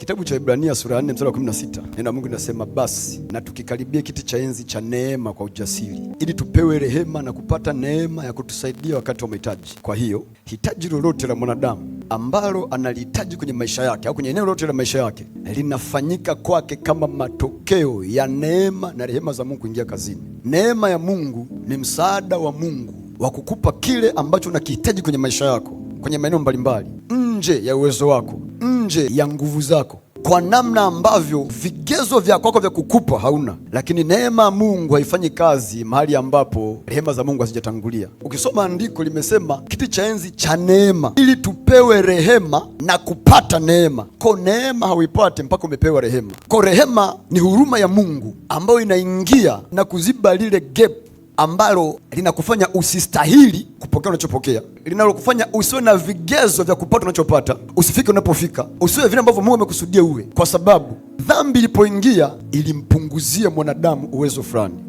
Kitabu cha Ibrania sura ya 4 mstari wa 16, neno la Mungu linasema basi na tukikaribia kiti cha enzi cha neema kwa ujasiri, ili tupewe rehema na kupata neema ya kutusaidia wakati wa mahitaji. Kwa hiyo hitaji lolote la mwanadamu ambalo analihitaji kwenye maisha yake au kwenye eneo lolote la maisha yake linafanyika kwake kama matokeo ya neema na rehema za Mungu kuingia kazini. Neema ya Mungu ni msaada wa Mungu wa kukupa kile ambacho unakihitaji kwenye maisha yako kwenye maeneo mbalimbali nje ya uwezo wako nje ya nguvu zako kwa namna ambavyo vigezo vya kwako vya kukupa hauna, lakini neema ya Mungu haifanyi kazi mahali ambapo rehema za Mungu hazijatangulia. Ukisoma andiko limesema kiti cha enzi cha neema, ili tupewe rehema na kupata neema. Ko, neema hauipate mpaka umepewa rehema. Ko, rehema ni huruma ya Mungu ambayo inaingia na kuziba lile gap ambalo linakufanya usistahili kupokea unachopokea, linalokufanya usiwe na vigezo vya kupata unachopata, usifike unapofika, usiwe vile ambavyo Mungu amekusudia uwe, kwa sababu dhambi ilipoingia ilimpunguzia mwanadamu uwezo fulani.